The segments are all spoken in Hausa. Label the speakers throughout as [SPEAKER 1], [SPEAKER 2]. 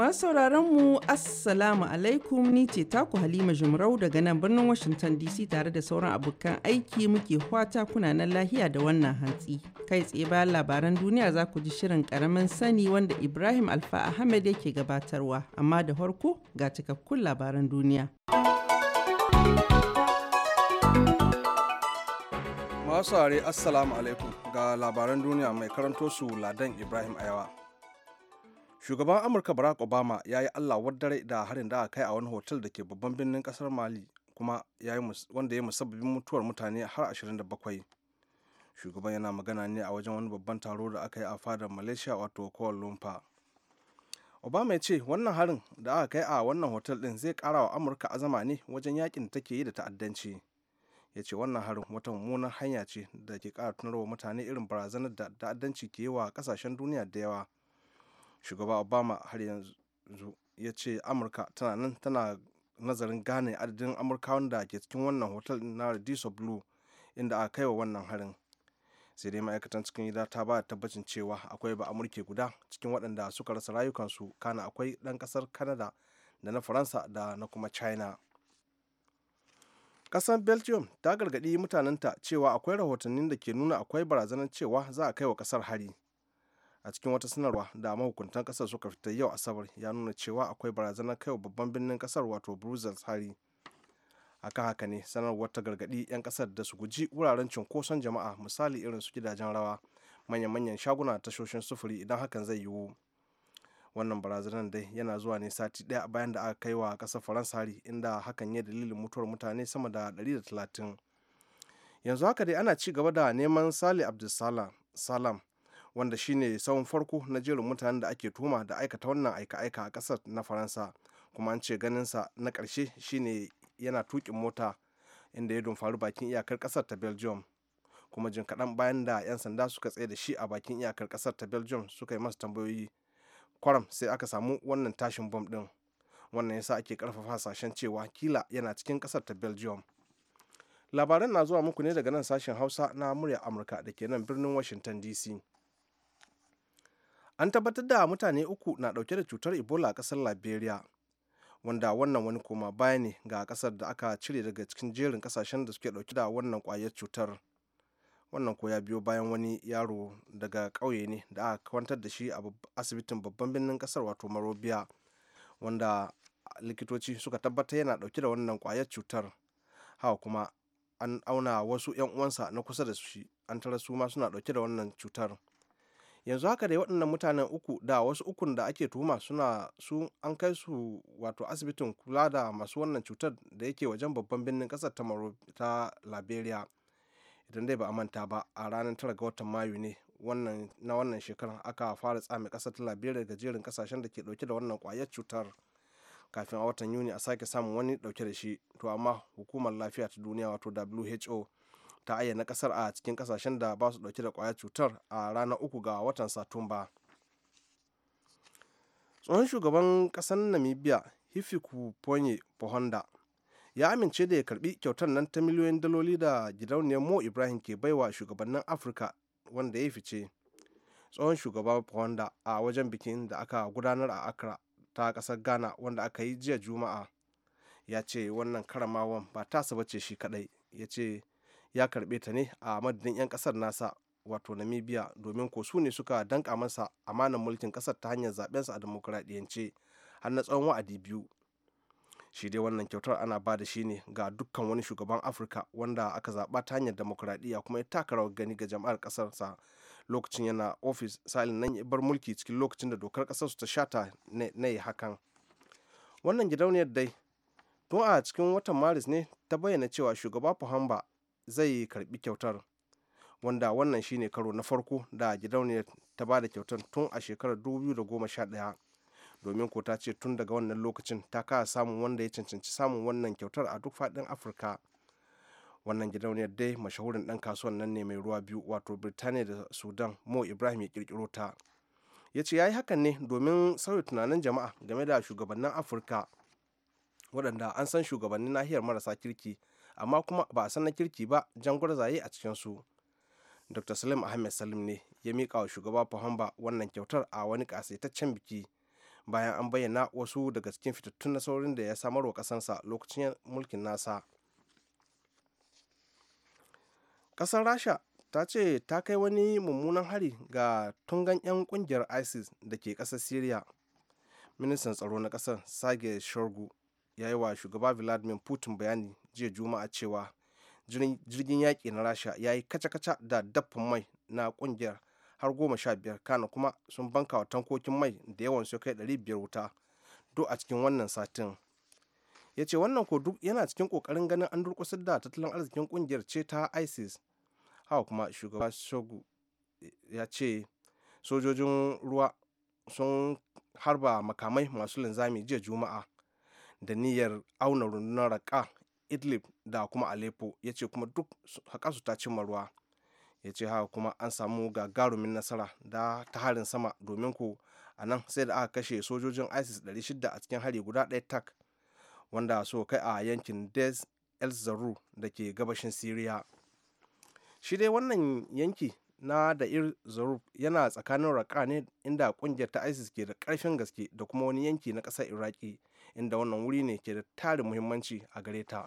[SPEAKER 1] Masu sauraron mu Assalamu alaikum ni ce taku Halima Jumrau daga nan birnin Washington DC tare da sauran abokan aiki muke fata kuna nan lahiya da wannan hantsi. Kai tsaye bayan labaran duniya za ku ji shirin karamin sani wanda Ibrahim Alfa Ahmed yake gabatarwa amma da farko ga cikakkun labaran duniya.
[SPEAKER 2] Masu Assalamu alaikum ga labaran duniya mai karanto su Ladan Ibrahim Ayawa. shugaban amurka barack obama ya yi allah wadare da harin da aka kai a wani hotel da ke babban birnin kasar mali kuma wanda ya musabbabin mutuwar mutane har 27 shugaban yana magana ne a wajen wani babban taro da aka yi a fadar malaysia wato kuala lumpur obama ya ce wannan harin da aka kai a wannan hotel din zai karawa amurka azama ne wajen yakin da take yi da ta'addanci ya ce wannan harin wata mummunar hanya ce da ke kara tunarwa mutane irin barazanar da ta'addanci ke yi wa kasashen duniya da yawa shugaba obama har yanzu ya ce amurka tana nan tana nazarin gane adadin amurkawan da ke cikin wannan hotel na radiso blue inda aka kai wa wannan harin sai dai ma'aikatan cikin gida ta ba tabbacin cewa akwai ba amurke guda cikin waɗanda suka rasa rayukansu kana akwai ɗan ƙasar canada da na faransa da na kuma china ƙasar belgium ta gargaɗi mutanenta cewa akwai rahotannin da ke nuna akwai barazanar cewa za a kai wa ƙasar hari a cikin wata sanarwa da mahukuntan kasar suka fita yau asabar ya nuna cewa akwai barazanar kaiwa babban birnin kasar wato brussels hari akan haka ne sanarwar ta gargaɗi 'yan kasar da su guji wuraren cunkoson jama'a misali irin su gidajen rawa manya-manyan shaguna tashoshin sufuri idan hakan zai yiwu wannan barazanar dai yana zuwa ne sati ɗaya bayan da aka kai wa ƙasar faransa hari inda hakan ya dalilin mutuwar mutane sama da da talatin. yanzu haka dai ana ci gaba da neman Sali abdulsalam wanda shine tsawon farko na jerin mutanen da ake tuma da aikata wannan aika-aika a kasar na faransa kuma an ce ganinsa na ƙarshe shine yana tukin mota inda ya dumfari bakin iyakar kasar ta belgium kuma jin kaɗan bayan da 'yan sanda suka tsaye da shi a bakin iyakar kasar ta belgium suka yi masa tambayoyi kwaram sai aka samu wannan tashin bom ɗin wannan yasa ake karfafa sashen cewa kila yana cikin kasar ta belgium labaran na zuwa muku ne daga nan sashen hausa na murya amurka da ke nan birnin washington dc an tabbatar da mutane uku na dauke da cutar ebola a kasar liberia wanda wannan wani koma baya ne ga kasar da aka cire daga cikin jerin kasashen da suke dauke da wannan kwayar cutar wannan ko ya biyo bayan wani yaro daga ƙauye ne da aka kwantar da shi a asibitin babban birnin kasar wato marobiya wanda likitoci suka tabbatar yana dauke da wannan kwayar cutar hawa kuma an auna wasu 'yan uwansa na kusa da shi an tara su ma suna dauke da wannan cutar yanzu haka dai waɗannan mutanen uku da wasu ukun da ake tuhuma suna su an kai su wato asibitin kula da masu wannan cutar da yake wajen babban birnin ƙasar ta ta liberia idan dai ba a manta ba a ranar tara ga watan mayu ne wannan na wannan shekarar aka fara tsami ƙasar ta liberia da jerin ƙasashen da ke ɗauke da wannan kwayar cutar kafin a watan yuni a sake samun wani ɗauke da shi to amma hukumar lafiya ta duniya wato who ta ayyana kasar a cikin kasashen da ba su dauke da kwayar cutar a ranar uku ga watan satumba tsohon shugaban kasar namibia hifikuponye pohonda ya amince da ya karbi kyautar nan ta miliyoyin daloli da gidauniyar mo ibrahim ke baiwa shugabannin afirka wanda ya fice tsohon shugaban pohonda a wajen bikin da aka gudanar a accra ta kasar ghana wanda aka yi jiya juma'a ya ce wannan karamawan ba tasa bace shi kadai ya ce ya karbe ta ne a madadin 'yan kasar nasa wato namibia domin ko su ne suka danka masa amanan mulkin ƙasar ta hanyar zaɓensa a demokuraɗiyance har na tsawon wa'adi biyu shi dai wannan kyautar ana ba da shi ne ga dukkan wani shugaban afirka wanda aka zaɓa ta hanyar demokuraɗiyya kuma ya taka rawar gani ga jama'ar sa lokacin yana ofis salin nan ya bar mulki cikin lokacin da dokar su ta shata na yi hakan wannan gidauniyar dai tun a cikin watan maris ne ta bayyana cewa shugaba fahamba zai karbi kyautar wanda wannan shine karo na farko da gidauniyar ta ba da kyautar tun a shekarar 2011 domin ko ta ce tun daga wannan lokacin ta kara samun wanda ya cancanci samun wannan kyautar a duk faɗin afirka wannan gidauniyar dai mashahurin ɗan kasuwan nan ne mai ruwa biyu wato birtaniya da sudan mo ibrahim ya kirkiro ta ya ce ya yi hakan ne domin sauya tunanin jama'a game da shugabannin afirka waɗanda an san shugabannin nahiyar marasa kirki amma kuma ba a san na kirki ba jan gwarzaye a cikin su dr salim ahmed salim ne ya miƙa wa shugaba fahamba wannan kyautar a wani ƙasaitaccen biki bayan an bayyana wasu daga cikin fitattun nasarorin da ya samar wa ƙasarsa lokacin mulkin nasa ƙasar rasha ta ce ta kai wani mummunan hari ga tungan 'yan ƙungiyar isis da ke ƙasar syria ministan tsaro na ƙasar sage shorgu ya yi wa shugaba vladimir putin bayani jiya juma'a cewa jirgin yaƙi na rasha ya yi kaca-kaca da daffin mai na ƙungiyar har goma sha biyar kana kuma sun banka wa tankokin mai da yawan su kai ɗari biyar wuta duk a cikin wannan satin ya ce wannan ko duk yana cikin ƙoƙarin ganin an durƙusar da tattalin arzikin ƙungiyar ce ta isis hawa kuma shugaba shogu ya ce sojojin ruwa sun harba makamai masu linzami jiya juma'a da niyyar auna rundunar raƙa idlib da kuma aleppo ya ce kuma duk haƙasu ta cimma ruwa ya ce haka kuma an samu gagarumin nasara da ta harin sama domin ku a nan sai da aka kashe sojojin isis 600 a cikin hari guda ɗaya tak wanda so kai a yankin des el zaru da ke gabashin syria shi dai wannan yanki na da ir zaru yana tsakanin raka ne inda kungiyar ta isis ke da karfin gaske da kuma wani yanki na ƙasar iraki inda wannan wuri ne ke da tarin muhimmanci a gare ta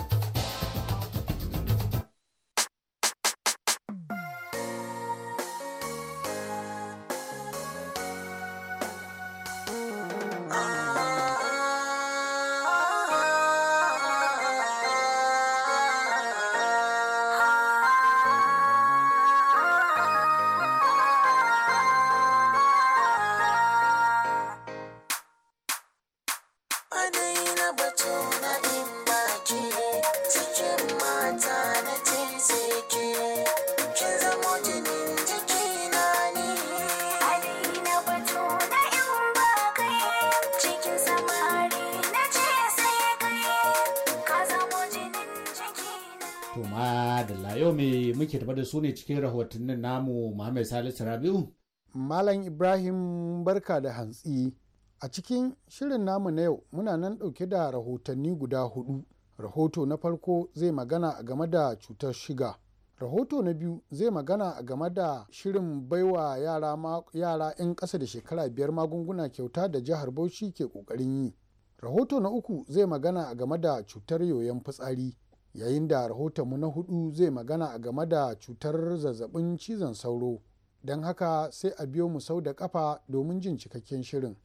[SPEAKER 3] To ma da
[SPEAKER 4] layo me muke tafa da su ne cikin rahotannin namu Muhammad Salisu Rabiu.
[SPEAKER 5] Malam Ibrahim barka da hantsi. A cikin shirin namu na yau muna nan ɗauke da rahotanni guda hudu. Rahoto na farko zai magana a game da cutar shiga. Rahoto na biyu zai magana a game da shirin baiwa yara 'yan ƙasa da shekara biyar magunguna kyauta da jihar Bauchi ke ƙoƙarin yi. Rahoto na uku zai magana a game da cutar yoyon fitsari. yayin da rahotonmu na hudu zai magana a game da cutar zazzabin cizon sauro don haka sai a biyo mu sau da kafa domin jin cikakken shirin.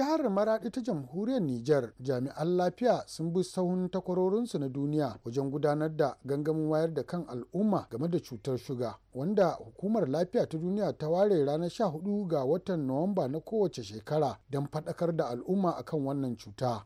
[SPEAKER 5] jihar maraɗi ta jamhuriyar niger jami'an lafiya sun bi sahun takwarorinsu na duniya wajen gudanar da gangamin wayar da kan al'umma game da cutar shuga wanda hukumar lafiya ta duniya ta ware ranar 14 ga watan Nuwamba na kowace shekara don faɗakar da al'umma akan wannan cuta.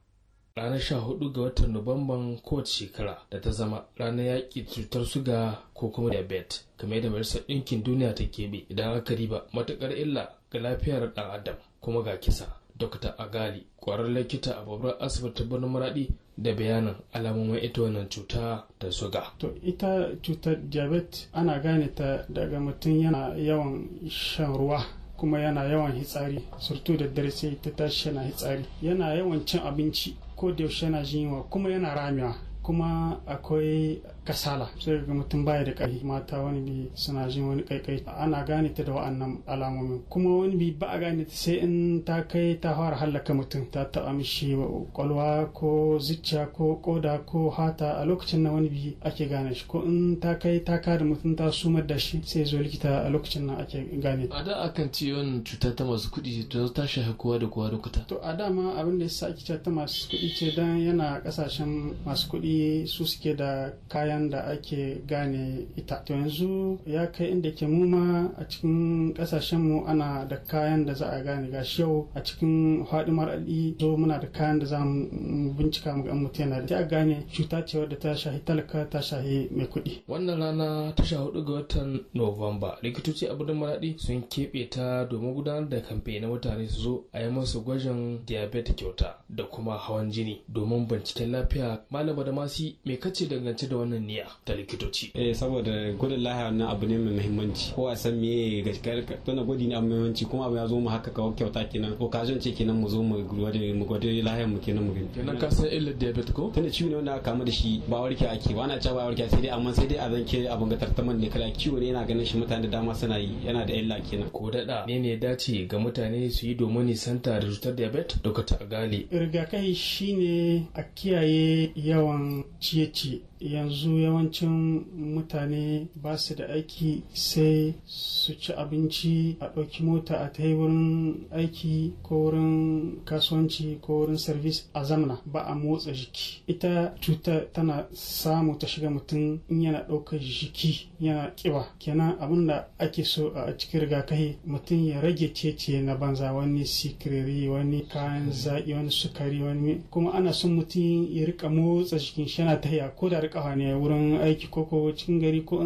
[SPEAKER 3] ranar 14 ga watan Nuwamban kowace shekara da ta zama ranar yaƙi cutar suga ko kuma diabetes kamar yadda majalisar ɗinkin duniya ta keɓe idan aka riba matuƙar illa ga lafiyar ɗan adam kuma ga kisa dr agali ƙwararren likita a babbar asibitin birnin maradi da bayanin alamomin ita wannan cuta ta suga. To
[SPEAKER 6] ita cutar diabetes ana gane ta daga mutum yana yawan shan ruwa kuma yana yawan hitsari surtu da dare sai ta tashi yana hitsari yana yawan cin abinci ko da yaushe yana jin kuma yana ramewa kuma akwai kasala sai ga mutum baya da ƙarfi mata wani bi suna jin wani kaikai ana gane ta da wa'annan alamomin kuma wani bi ba a gane ta sai in ta kai ta fara hallaka mutum ta taɓa mishi kwalwa ko zuciya ko koda ko hata a lokacin na wani bi ake gane shi ko in ta kai ta da mutum ta sumar da shi sai zo likita a lokacin nan ake gane
[SPEAKER 3] a da akan ce wannan cuta ta masu kuɗi to ta shafi kowa da kowa lokuta
[SPEAKER 6] to a dama abin da ya sa ake ta masu kuɗi ce dan yana kasashen masu kuɗi su suke da kayan bayan da ake gane ita to yanzu ya kai inda ke muma a cikin kasashenmu ana da kayan da za a gane gashi yau a cikin faɗin maraɗi to muna da kayan da za mu bincika mu ga mutum yana da ta gane cuta ce wadda ta shahi talaka ta shahi mai kuɗi
[SPEAKER 3] wannan rana ta sha hudu ga watan nuwamba likitoci a birnin maraɗi sun keɓe ta domin gudanar da kamfe na mutane su zo a yi masu gwajin diabetes kyauta da kuma hawan jini domin binciken lafiya malama da masi me kace dangance da wannan niyya ta likitoci. Eh saboda gudun lahiya wannan abu ne mai muhimmanci ko a san meye gaskiyar tana gudi ne abu muhimmanci kuma abu ya zo mu haka kawo kyauta kenan ka ce kenan mu zo mu gudu mu gudu lahiya mu kenan mu gani. Kenan ka san illar diabetes ko? Tana ciwo ne wanda aka kama da shi ba warke ake ba ana cewa ba warke sai dai amma sai dai a zanke abin ga tartaman ne kala ciwo ne yana ganin shi mutane da dama suna yi yana da illa kenan. Ko daɗa ne ne dace ga mutane su yi domin nisanta da cutar diabetes? Dokta Gali.
[SPEAKER 6] Rigakafi shine a kiyaye yawan ciye-ciye yanzu yawancin mutane ba su da aiki sai su ci abinci a ɗauki mota a ta wurin aiki ko wurin kasuwanci ko wurin service a zamana ba a motsa jiki ita cuta tana samu ta shiga mutum in yana ɗaukar jiki yana ƙiba kenan abin da ake so a cikin rigakai mutum ya rage cece na banza wani sikiriri wani kayan zaƙi wani sukari wani kuma ana son mutum ya rika motsa jikin shi yana tahiya ko da rikawa ne wurin aiki ko ko cikin gari ko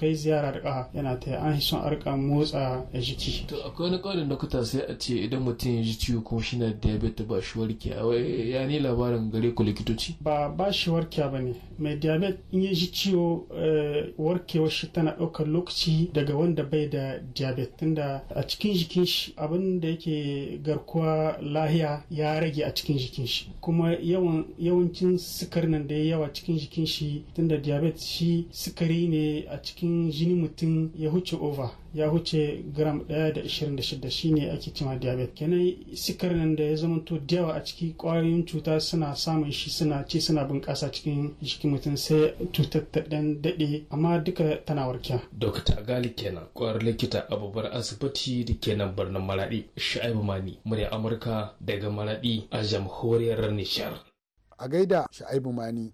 [SPEAKER 6] kai ziyara da ƙafa yana ta an son a rika motsa jiki to
[SPEAKER 3] akwai wani ƙarin lokuta sai a ce idan mutum ya ji ciwo ko shi na diabetes ba shi warke ya ni labarin gare ku likitoci
[SPEAKER 6] ba ba shi warke ba ne mai diabetes in ya ji ciwo eh, warkewar shi tana ɗaukar lokaci daga wanda bai da diabetes tunda a cikin jikin shi abin da yake garkuwa lahiya ya rage a cikin jikin shi kuma yawancin sukar nan da yawa cikin jikin shi tunda diabetes shi sukari ne a cikin jini mutum ya huce over ya huce gram ɗaya da ne ake cima diabetes kenan sukari nan da ya zama da yawa a ciki ƙwayoyin cuta suna samun shi suna ci suna bunƙasa cikin jikin mutum sai cutar ta dan daɗe amma duka tana warkiya.
[SPEAKER 3] dokta gali kenan ƙwarar likita a babbar asibiti da kenan birnin Maladi sha'ibu mani murya amurka daga Maladi a jamhuriyar nishar.
[SPEAKER 5] a gaida sha'ibu mani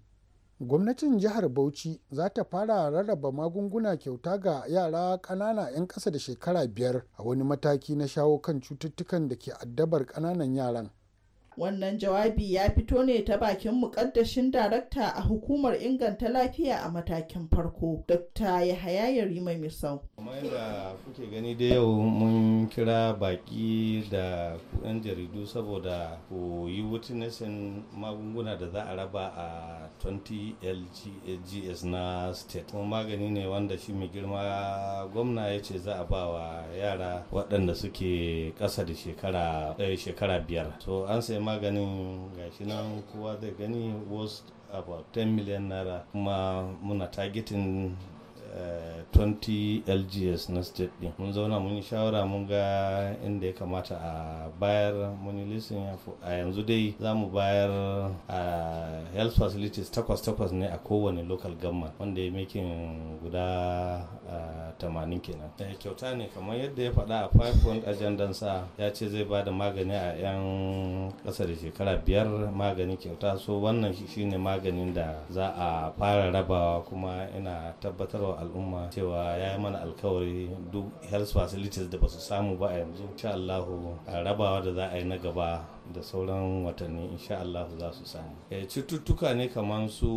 [SPEAKER 5] Gwamnatin Jihar Bauchi za ta fara rarraba magunguna kyauta ga yara ƙanana 'yan ƙasa da shekara biyar a wani mataki na shawo kan cututtukan da ke addabar ƙananan yaran.
[SPEAKER 1] Wannan jawabi ya fito ne ta bakin mukaddashin darakta a hukumar inganta lafiya a matakin farko, Dr. Yahaya mai Misau.
[SPEAKER 7] Kamar yadda kuke gani da yau mun kira baki da kuɗin jaridu saboda ku yi nasin magunguna da za a raba a 20 LGS na state. Kuma magani ne wanda shi mai girma gwamna ya ce za a ba wa yara waɗanda suke ƙasa da shekara eh, biyar. So an sai maganin gashi nan kowa da gani was about 10 million naira kuma muna targeting 20 lgs na state din mun zauna mun yi shawara mun ga inda ya kamata a bayar mun yi a yanzu dai za mu bayar a health facilities takwas takwas ne a kowane local gamma wanda ya mekin guda tamanin kenan da eh, kyauta ne kamar yadda ya faɗa a five point sa ya ce zai ba da magani a 'yan ƙasa da shekara biyar magani kyauta so wannan shine maganin da za a fara rabawa kuma ina tabbatarwa al'umma cewa ya yi mana alkawari duk health facilities da ba su samu ba a yanzu Allahu a rabawa da za a yi na gaba da sauran watanni insha Allah za su sani e, cututtuka ne kamar su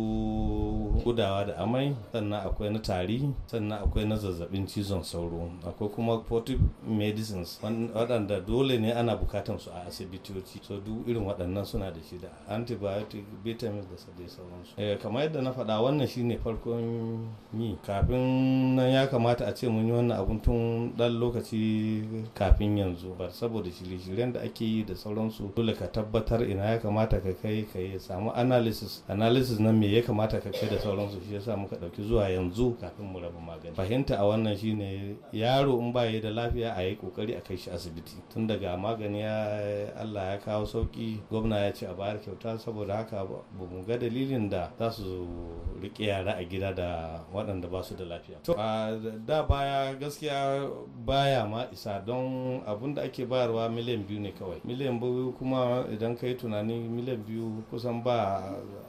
[SPEAKER 7] gudawa da amai sannan akwai na tari sannan akwai na zazzabin cizon sauro akwai kuma portive medicines waɗanda dole ne ana bukatan su a asibitoci so duk irin waɗannan suna da shi da antibiotic vitamins da sauransu e, kamar yadda na faɗa wannan shine farkon yi kafin nan ya kamata a ce mun yi wannan abun tun ɗan lokaci kafin yanzu ba saboda shirye-shiryen da ake yi da sauransu dole ka tabbatar ina ya kamata ka kai ka yi samu analysis analysis na me ya kamata ka kai da sauransu shi yasa muka dauki zuwa yanzu kafin mu raba magani fahimta a wannan shine yaro in ba da lafiya a yi kokari a kai shi asibiti tun daga magani ya Allah ya kawo sauki gwamna ya ce a bayar kyauta saboda haka ba mu ga dalilin da za su rike yara a gida da waɗanda ba su da lafiya to da baya gaskiya baya ma isa don abun da ake bayarwa miliyan biyu ne kawai miliyan biyu kuma kuma idan ka yi tunani miliyan biyu kusan ba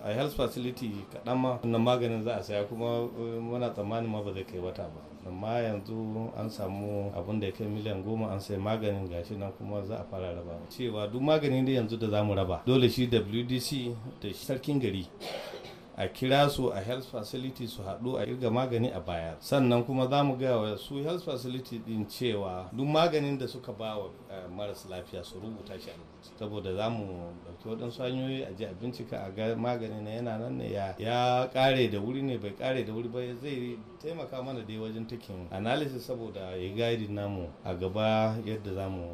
[SPEAKER 7] a health facility kaɗan ma na maganin za a saya kuma eh, muna tsammani ma ba zai kai wata ba amma yanzu an samu abin da ya kai miliyan goma an sai maganin gashi nan kuma za a fara raba cewa duk magani da yanzu da za mu raba dole shi wdc da sarkin gari a kira su a health facility su haɗu a irga magani a bayar sannan kuma za mu gaya wa su health facility din cewa duk maganin da suka ba wa eh, maras lafiya su rubuta shi a rubuta saboda za mu ɗauki waɗansu hanyoyi a ji a bincika a ga magani na yana nan ne ya ya ƙare da wuri ne bai ƙare da wuri ba zai taimaka mana dai wajen takin analysis saboda ya gaidi namu a gaba yadda za mu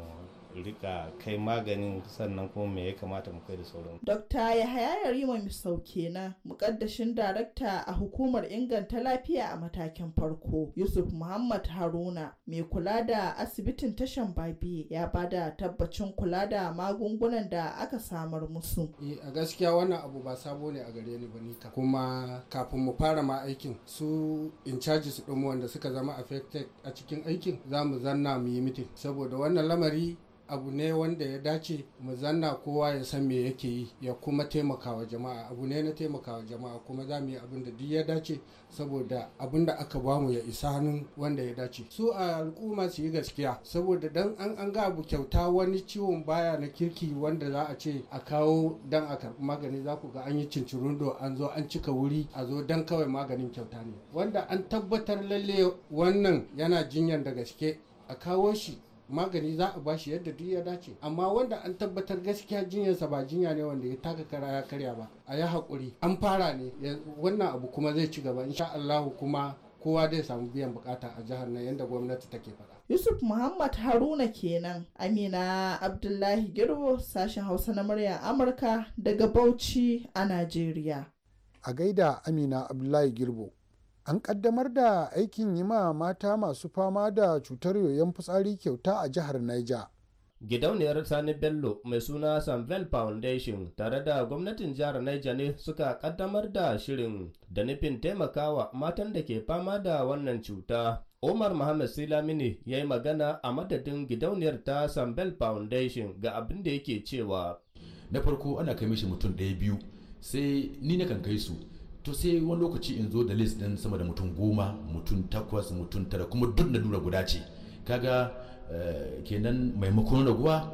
[SPEAKER 7] rika kai maganin sannan kuma me ya kamata mu kai da sauran.
[SPEAKER 1] Dokta Yahaya Yarima sauke na mukaddashin darakta a hukumar inganta lafiya a matakin farko Yusuf Muhammad Haruna mai kula da asibitin tashan babi ya bada tabbacin kula da magungunan da aka samar musu. Eh, a
[SPEAKER 4] gaskiya wannan abu ba sabo ne a gare ni ba ni kuma kafin mu fara ma aikin su in charge su ɗin wanda suka zama affected a cikin aikin za mu zanna mu yi mitin saboda wannan lamari abu ne wanda ya dace mu zanna kowa ya san me yake yi ya kuma taimakawa jama'a abu ne na taimakawa jama'a kuma za mu yi abin da duk ya dace saboda abin da aka bamu ya isa hannun wanda ya dace su a al'umma su yi gaskiya saboda dan an an ga abu kyauta wani ciwon baya na kirki wanda za a ce a kawo dan a karɓi magani za ku ga an yi cincirundo an zo an cika wuri a zo dan kawai maganin kyauta ne wanda an tabbatar lalle wannan yana jinyan da gaske a kawo shi magani za a bashi yadda duk ya dace amma wanda an tabbatar gaskiya jinyarsa ba jinya ne wanda ya taka kara ya karya ba a yi haƙuri an fara ne wannan abu kuma zai ci gaba insha Allahu kuma kowa zai samu biyan bukata a jihar nan yadda gwamnati take faɗa.
[SPEAKER 1] Yusuf Muhammad Haruna kenan Amina Abdullahi Girbo sashen Hausa na murya Amurka daga Bauchi a Najeriya. A
[SPEAKER 5] gaida Amina Abdullahi Girbo. an kaddamar da aikin yi ma mata masu fama da cutar yoyon fitsari kyauta a jihar Niger.
[SPEAKER 8] Gidauniyar Sani Bello mai suna Samvel Foundation tare da gwamnatin jihar Niger ne suka kaddamar da shirin da nufin taimakawa matan da ke fama da wannan cuta. Omar Muhammad Silamini ya yi magana a madadin gidauniyar ta Samvel Foundation ga abin da yake cewa.
[SPEAKER 5] Na farko ana kai mishi mutum ɗaya biyu sai ni na kan kai su. to sai wani lokaci in zo da list din sama da mutum goma mutum takwas mutum tara kuma duk na dura guda ce kaga eh, kenan maimakon raguwa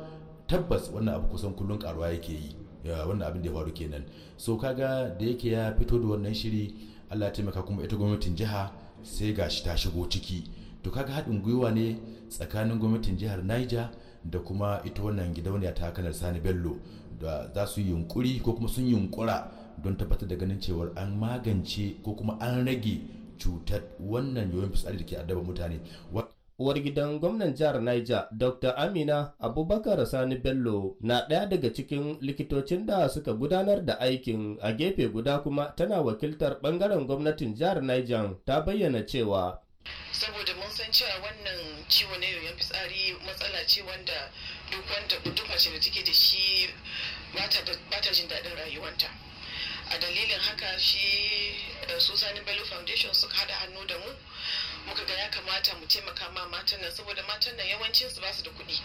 [SPEAKER 5] tabbas wannan abu kusan kullum karuwa yake yi wannan abin da ya faru kenan so kaga da yake ya fito da wannan shiri allah ya taimaka kuma ita gwamnatin jiha sai gashi ta shigo ciki to kaga haɗin gwiwa ne tsakanin gwamnatin jihar niger da kuma ita wannan gidauniya ta kanar sani bello da za su yi yunkuri ko kuma sun yunkura don tabbatar da ganin cewar an magance ko kuma an rage cutar wannan yawan fitsari da ke addaba mutane uwar gidan
[SPEAKER 8] gwamnan jihar Niger Dr. Amina Abubakar Sani Bello na ɗaya daga cikin likitocin da suka gudanar da aikin a gefe guda kuma tana wakiltar ɓangaren gwamnatin jihar Niger ta bayyana cewa saboda mun san cewa wannan ciwo na
[SPEAKER 3] yoyon fitsari matsala ce wanda duk wanda duk mace da take da shi ba ta jin daɗin rayuwanta a dalilin haka shi eh, su sani bello foundation suka hada hannu da mu muka ga ya kamata mu taimaka ma matan nan saboda matan nan yawancin su basu da kuɗi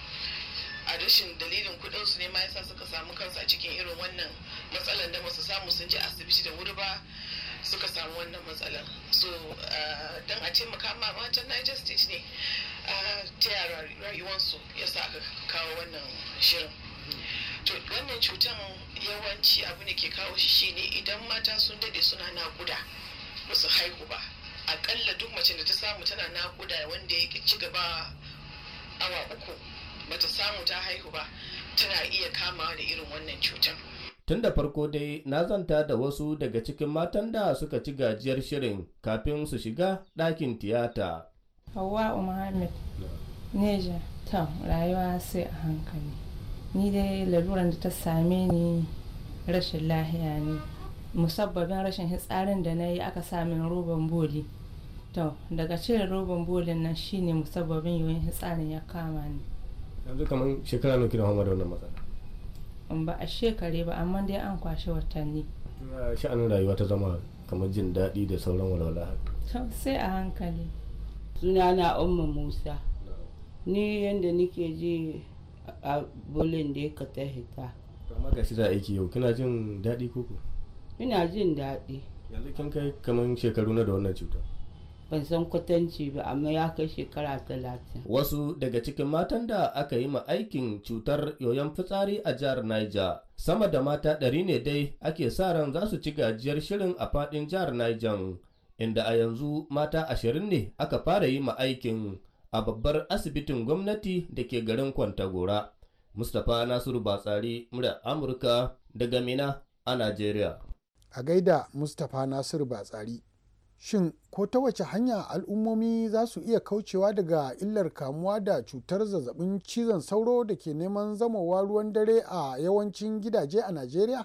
[SPEAKER 3] a rashin dalilin kuɗin su ne ma yasa suka samu kansu a cikin irin wannan matsalan da masu samu sun je asibiti da wuri ba suka samu wannan matsalan so eh, don a taimaka ma matan niger state ne ta yara rayuwarsu yasa aka kawo wannan shirin to wannan cutan yawanci abu ne ke kawo shi shine idan mata sun dade suna nakuda ba su haihu ba akalla duk mace da ta samu tana nakuda wanda ya ci gaba awa uku bata samu ta haihu ba tana iya kama da irin wannan cutar
[SPEAKER 8] tun da farko dai na zanta da wasu daga cikin matan da suka ci gajiyar shirin kafin su shiga ɗakin tiyata
[SPEAKER 1] hawa muhammad neja ta rayuwa sai a hankali ni dai laluran da ta same ni rashin lahiya ne musabbabin rashin hitsarin da na yi aka sami roban boli to daga cire roban bolin nan shine musabbabin yoyin hitsarin ya kama ni
[SPEAKER 8] yanzu kamar shekara nuki da hamada wannan matsala
[SPEAKER 1] ba a shekare ba amma dai an kwashe watanni
[SPEAKER 8] sha'anin rayuwa ta zama kamar jin daɗi da sauran walwala
[SPEAKER 1] sai a hankali sunana umma musa ni yadda nike ji a bolin da ka ta hita
[SPEAKER 8] kama ga shi da aiki yau kina jin daɗi koko
[SPEAKER 1] ina jin daɗi yanzu kin kai
[SPEAKER 8] kamar shekaru na da wannan cuta
[SPEAKER 1] ban san kwatanci ba amma ya kai shekara talatin. Wasu
[SPEAKER 8] daga cikin matan da aka yi ma aikin cutar yoyon fitsari a jihar Niger. Sama da mata ɗari ne dai ake sa ran za su ci gajiyar shirin a faɗin jihar Niger. Inda a yanzu mata ashirin ne aka fara yi ma aikin a babbar asibitin gwamnati da ke garin Kwantagora. Mustapha Nasiru Batsari murya Amurka daga Mina a Najeriya.
[SPEAKER 5] A gaida Mustapha Nasiru Batsari. Shin ko ta wace hanya al'ummomi za su iya kaucewa daga illar kamuwa da cutar zazzabin cizon sauro da ke neman zamowa ruwan dare a yawancin gidaje
[SPEAKER 9] a Najeriya?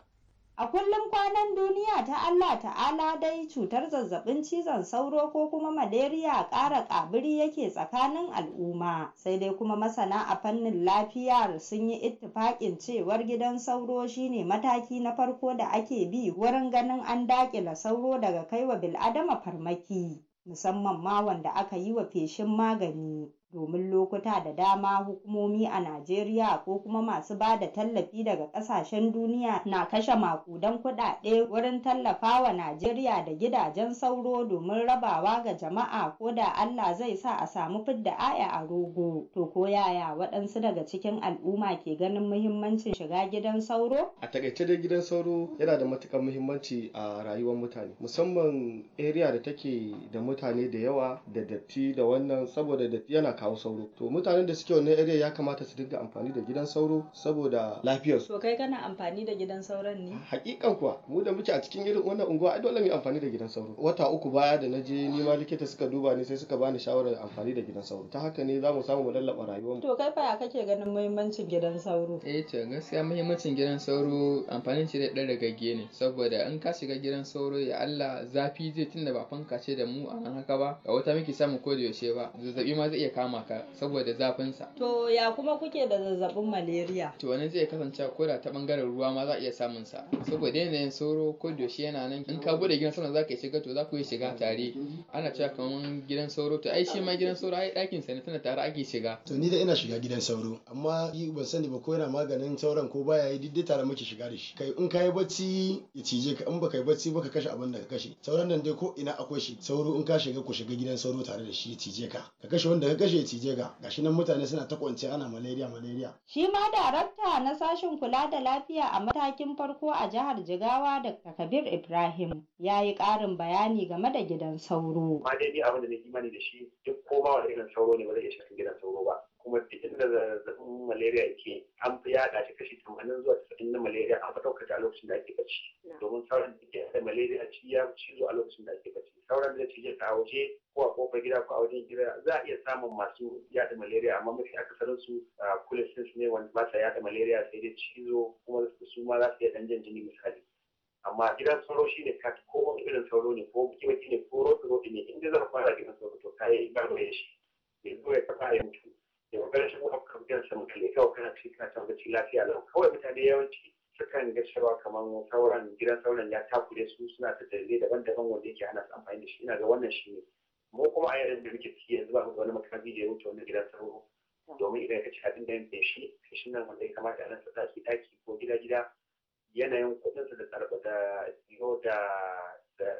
[SPEAKER 9] A kullum kwanan duniya ta Allah ta'ala dai cutar zazzabin cizon sauro ko kuma maleriya ƙara ƙabiri yake tsakanin al'umma. Sai dai kuma masana a fannin lafiyar sun yi ittifaƙin cewar gidan sauro shine mataki na farko da ake bi wurin ganin an daƙile sauro daga kaiwa bil'adama farmaki. Musamman ma wanda aka yi wa feshin magani. domin lokuta da dama hukumomi a Najeriya ko kuma masu ba da tallafi daga ƙasashen duniya na kashe makudan kuɗaɗe wurin tallafawa Najeriya da gidajen sauro domin rabawa ga jama'a ko da Allah zai sa a samu fidda aya a rogo. To ko yaya waɗansu daga cikin al'umma ke ganin muhimmancin shiga gidan sauro?
[SPEAKER 3] A taƙaice dai gidan sauro yana da matuƙar muhimmanci a rayuwar mutane musamman area da take da mutane da yawa da datti da wannan saboda datti yana kawo sauro to mutanen da suke wannan area ya kamata su dinga amfani da gidan sauro saboda lafiyar.
[SPEAKER 9] to kai kana amfani da gidan sauron ne
[SPEAKER 3] hakikan kuwa mu da muke a cikin irin wannan unguwa ai dole mu amfani da gidan sauro wata uku baya da naje ni ma likita suka duba ni sai suka bani shawarar amfani da gidan sauro ta haka ne zamu samu mu
[SPEAKER 8] lallaba mu.
[SPEAKER 9] to kai fa ya kake ganin muhimmancin gidan sauro eh to gaskiya muhimmancin gidan sauro
[SPEAKER 3] amfanin shi da ragagge ne saboda in ka shiga gidan sauro ya Allah zafi zai tunda ba fanka ce da mu a nan haka ba ga wata muke samu ko da yaushe ba zazzabi ma zai iya kama kama ka saboda zafinsa.
[SPEAKER 9] To ya kuma kuke da zazzabin malaria?
[SPEAKER 3] To wani zai kasance ko da ta bangaren ruwa ma za a iya samun sa. Saboda yanayin sauro ko shi yana nan in ka bude gidan sauro za ka shiga to za ku yi shiga tare. Ana cewa kaman gidan sauro to ai shi ma gidan sauro ai ɗakin sa ne tana tare ake shiga.
[SPEAKER 5] To ni da ina shiga gidan sauro amma ban sani ba ko yana maganin sauran ko baya yi duk tare muke shiga da shi. Kai in ka yi bacci ya cije ka in baka yi bacci baka kashe abin da ka kashe. Sauran nan dai ko ina akwai shi sauro in ka shiga ku shiga gidan sauro tare da shi ya cije ka. Ka kashe wanda ka kashe zai cije ga gashi nan mutane suna ta kwance ana malaria malaria
[SPEAKER 9] shi ma darakta na sashen kula da lafiya a matakin farko a jihar jigawa da kabir ibrahim ya yi karin bayani game da gidan sauro
[SPEAKER 10] ma dai abin da zai imani da shi duk ko ba irin sauro ne ba zai iya shafin gidan sauro ba kuma duk inda zazzabin malaria yake an fi yaɗa shi kashi tamanin zuwa casa'in na malaria an fi a lokacin da ake bacci domin sauran da ke da malaria ci ya cizo a lokacin da ake bacci sauran da cije ta waje ko a kofar gida ko a wajen gida za a iya samun masu yaɗa malaria amma mafi akasarin su kulisin ne wanda ba sa yaɗa malaria sai dai cizo kuma su ma za su iya ɗan jan jini misali amma gidan sauro shi ne kati ko wani irin sauro ne ko baki ne ko rotu rotu ne inda zan fara gidan sauro to kayi ba mai shi ya zo ya kafa ya mutu da maganar shi kuma kan gan sa mutane kawai kana cikin lafiya lau kawai mutane yawanci sukan ga cewa kamar sauran gidan sauran ya takure su suna ta dalilai daban-daban wanda yake ana amfani da shi ina ga wannan shi ne mu kuma a yayin da muke ciki yanzu ba a wani makami da ya wuce wani gidan sauro domin idan ka ci abin da yanke shi shi nan wanda ya kamata a ɗaki ko gida-gida yanayin kuɗinsa da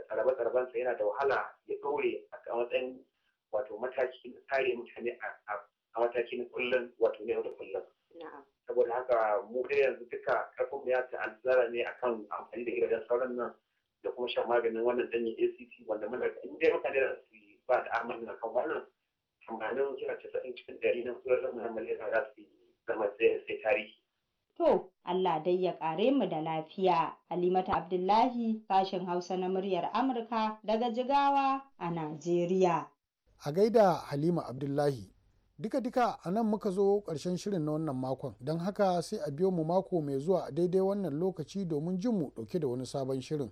[SPEAKER 10] tsarbe-tsarbensa yana da wahala ya ɗore a matsayin wato mataki na kare mutane a a mataki na kullum wato yau da kullum saboda haka mu dai yanzu duka karfin mu ya ta'azzara ne akan amfani da gidajen sauran nan da kuma shan maganin wannan danyi ACT wanda muna da inda mutane da su ba da amalin kan wannan suna ta casa'in cikin ɗari na tsoron muhammadu za su zama sai tarihi.
[SPEAKER 9] To, Allah dai ya ƙare mu da lafiya. Halimata Abdullahi, sashen Hausa na muryar Amurka daga Jigawa a
[SPEAKER 5] Najeriya. A gaida Halima Abdullahi, Duka-duka a nan muka zo ƙarshen shirin na wannan makon, don haka sai a biyo mu mako mai zuwa daidai wannan lokaci domin jin mu ɗauke da wani sabon shirin.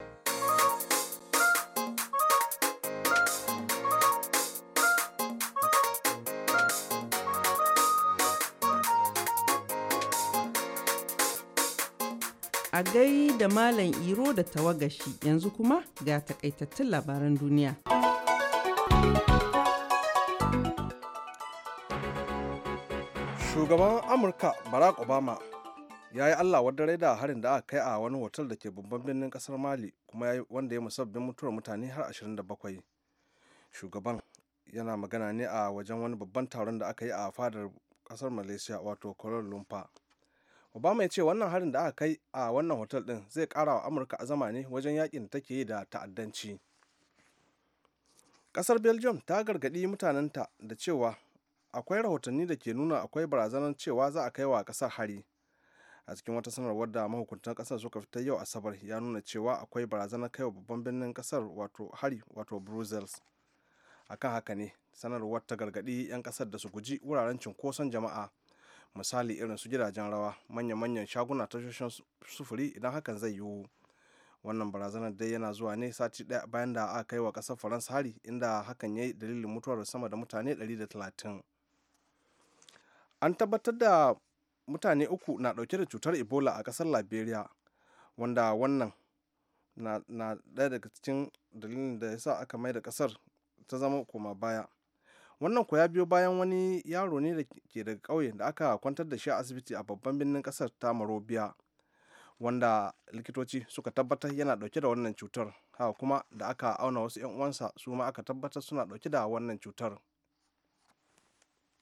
[SPEAKER 1] gai da Malam Iro da tawagashi yanzu kuma ga takaitattun labaran duniya.
[SPEAKER 2] Shugaban Amurka Barack Obama ya yi Allah wadda da harin da aka kai a wani hotel da ke babban birnin kasar Mali kuma wanda ya musabbin mutuwar mutane har 27. Shugaban yana magana ne a wajen wani babban taron da aka yi a fadar kasar Malaysia wato Kuala Lumpur. obama ya ce wannan harin da aka kai a wannan hotel din zai kara wa amurka azama ne wajen yakin da take yi da ta'addanci kasar belgium ta gargaɗi mutanenta da cewa akwai rahotanni da ke nuna akwai barazanar cewa za a kai wa kasar hari a cikin wata sanarwar da mahukuntan kasar suka fita yau asabar ya nuna cewa akwai barazanar kai wa babban birnin kasar wato hari wato brussels akan haka ne sanarwar ta gargaɗi 'yan kasar da su guji wuraren cinkoson jama'a misali irin su gidajen rawa manya-manyan shaguna tashoshin sufuri idan hakan zai yiwu wannan barazanar dai yana zuwa ne sati ɗaya bayan da aka kai wa kasar faransa hari inda hakan ya yi dalilin mutuwar sama da mutane 130 an tabbatar da mutane uku na ɗauke da cutar ebola a ƙasar liberia wanda wannan na ɗaya daga cikin dalilin da ya sa aka mai da ƙasar ta zama koma baya wannan ko ya biyo bayan wani yaro ne da ke daga ƙauye da aka kwantar da shi a asibiti a babban birnin ƙasar ta marobiya wanda likitoci suka tabbatar yana ɗauke da wannan cutar haka kuma da aka auna wasu 'yan uwansa su ma aka tabbatar suna ɗauke da wannan cutar